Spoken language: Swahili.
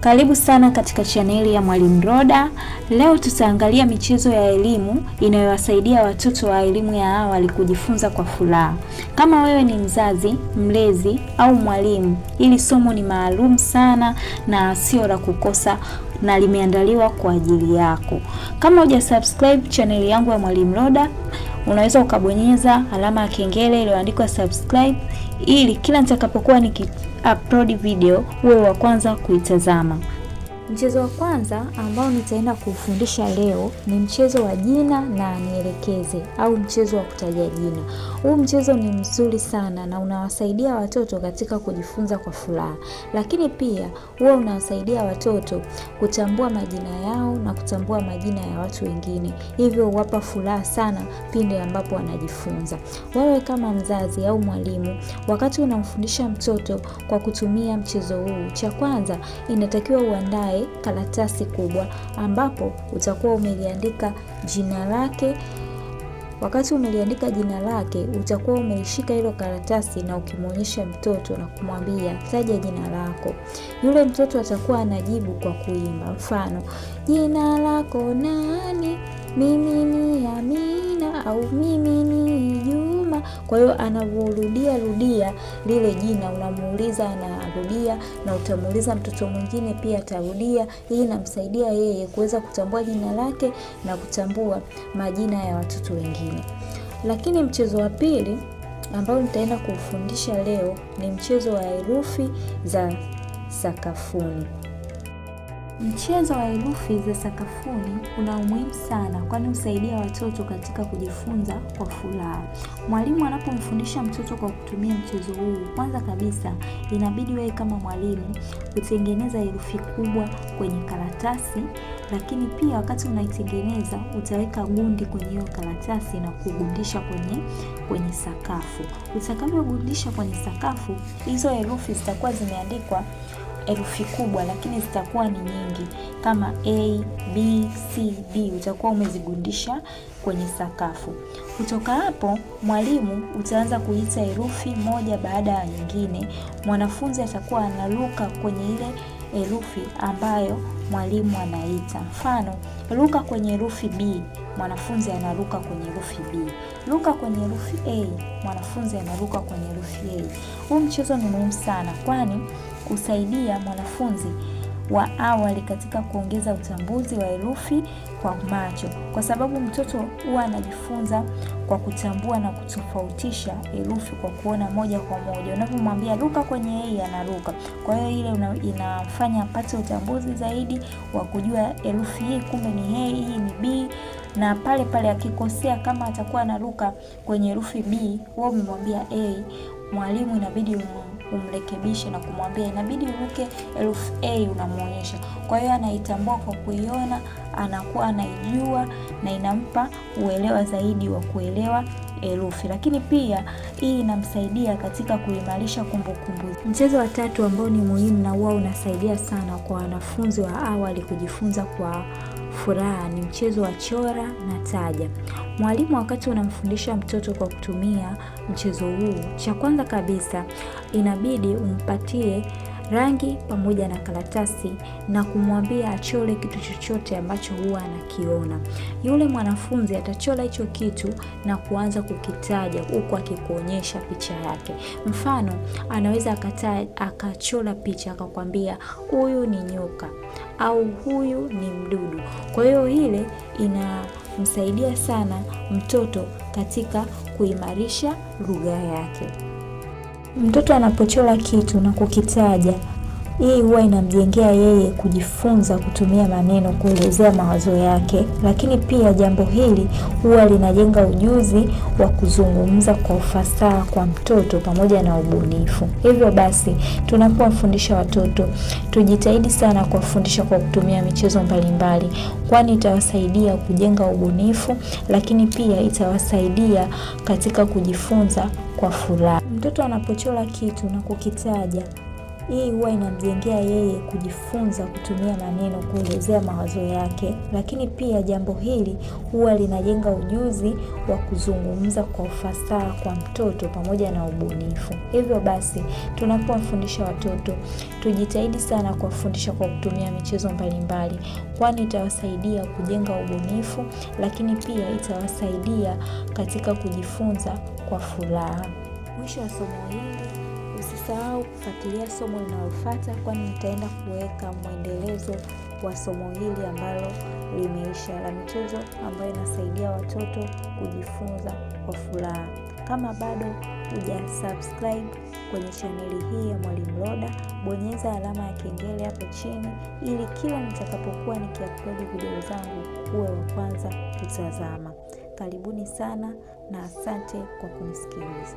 Karibu sana katika chaneli ya Mwalimu Roda. Leo tutaangalia michezo ya elimu inayowasaidia watoto wa elimu ya awali kujifunza kwa furaha. Kama wewe ni mzazi, mlezi au mwalimu, hili somo ni maalum sana na sio la kukosa na limeandaliwa kwa ajili yako. Kama huja subscribe chaneli yangu ya Mwalimu Roda, unaweza ukabonyeza alama ya kengele iliyoandikwa subscribe ili kila nitakapokuwa niki upload video uwe wa kwanza kuitazama. Mchezo wa kwanza ambao nitaenda kufundisha leo ni mchezo wa jina na nielekeze au mchezo wa kutaja jina. Huu mchezo ni mzuri sana na unawasaidia watoto katika kujifunza kwa furaha, lakini pia huwa unawasaidia watoto kutambua majina yao na kutambua majina ya watu wengine, hivyo huwapa furaha sana pindi ambapo wanajifunza. Wewe kama mzazi au mwalimu, wakati unamfundisha mtoto kwa kutumia mchezo huu, cha kwanza inatakiwa uandae e, karatasi kubwa ambapo utakuwa umeliandika jina lake. Wakati umeliandika jina lake, utakuwa umelishika hilo karatasi na ukimwonyesha mtoto na kumwambia taja jina lako, yule mtoto atakuwa anajibu kwa kuimba. Mfano, jina lako nani? Mimi ni Amina au mimi ni mzima. Kwa hiyo anavyorudia rudia lile jina, unamuuliza anarudia, na utamuuliza mtoto mwingine pia atarudia. Hii inamsaidia yeye kuweza kutambua jina lake na kutambua majina ya watoto wengine. Lakini mchezo wa pili ambao nitaenda kufundisha leo ni mchezo wa herufi za sakafuni. Mchezo wa herufi za sakafuni una umuhimu sana, kwani husaidia watoto katika kujifunza kwa furaha. Mwalimu anapomfundisha mtoto kwa kutumia mchezo huu, kwanza kabisa inabidi wewe kama mwalimu utengeneza herufi kubwa kwenye karatasi, lakini pia wakati unaitengeneza utaweka gundi kwenye hiyo karatasi na kugundisha kwenye kwenye sakafu. Utakavyogundisha kwenye sakafu, hizo herufi zitakuwa zimeandikwa herufi kubwa, lakini zitakuwa ni nyingi kama a b c d, utakuwa umezigundisha kwenye sakafu. Kutoka hapo, mwalimu utaanza kuita herufi moja baada ya nyingine, mwanafunzi atakuwa anaruka kwenye ile herufi ambayo mwalimu anaita. Mfano, ruka kwenye herufi B, mwanafunzi anaruka kwenye herufi B. Ruka kwenye herufi A, mwanafunzi anaruka kwenye herufi A. Huu mchezo ni muhimu sana, kwani kusaidia mwanafunzi wa awali katika kuongeza utambuzi wa herufi kwa macho, kwa sababu mtoto huwa anajifunza kwa kutambua na kutofautisha herufi kwa kuona moja kwa moja. Unapomwambia ruka kwenye hii, anaruka. Kwa hiyo ile una, inafanya apate utambuzi zaidi wa kujua herufi hii kumbe ni hei, hii ni b na pale pale akikosea, kama atakuwa anaruka kwenye herufi b, wewe umemwambia a, mwalimu inabidi umu umrekebishe na kumwambia inabidi uruke herufi A, unamwonyesha. Kwa hiyo anaitambua kwa kuiona, anakuwa anaijua na inampa uelewa zaidi wa kuelewa herufi lakini pia hii inamsaidia katika kuimarisha kumbukumbu. Mchezo wa tatu ambao ni muhimu na huwa unasaidia sana kwa wanafunzi wa awali kujifunza kwa furaha ni mchezo wa chora na taja. Mwalimu wakati unamfundisha mtoto kwa kutumia mchezo huu, cha kwanza kabisa ina inabidi umpatie rangi pamoja na karatasi na kumwambia achole kitu chochote ambacho huwa anakiona. Yule mwanafunzi atachola hicho kitu na kuanza kukitaja huku akikuonyesha picha yake. Mfano, anaweza akachola picha akakwambia huyu ni nyoka au huyu ni mdudu. Kwa hiyo ile inamsaidia sana mtoto katika kuimarisha lugha yake. Mtoto anapochora kitu na kukitaja, hii huwa inamjengea yeye kujifunza kutumia maneno kuelezea mawazo yake, lakini pia jambo hili huwa linajenga ujuzi wa kuzungumza kwa ufasaha kwa mtoto pamoja na ubunifu. Hivyo basi, tunapowafundisha watoto tujitahidi sana kuwafundisha kwa kutumia michezo mbalimbali, kwani itawasaidia kujenga ubunifu, lakini pia itawasaidia katika kujifunza kwa furaha. Mtoto anapochora kitu na kukitaja, hii huwa inamjengea yeye kujifunza kutumia maneno kuelezea mawazo yake, lakini pia jambo hili huwa linajenga ujuzi wa kuzungumza kwa ufasaha kwa mtoto pamoja na ubunifu. Hivyo basi, tunapowafundisha watoto tujitahidi sana kuwafundisha kwa kutumia michezo mbalimbali, kwani itawasaidia kujenga ubunifu, lakini pia itawasaidia katika kujifunza kwa furaha mwisho wa somo hili usisahau kufuatilia somo linalofuata kwani nitaenda kuweka mwendelezo wa somo hili ambalo limeisha la michezo ambayo inasaidia watoto kujifunza kwa furaha kama bado huja subscribe kwenye chaneli hii ya mwalimu roda bonyeza alama ya kengele hapo chini ili kila nitakapokuwa nikiaplodi video zangu huwe wa kwanza kutazama karibuni sana na asante kwa kunisikiliza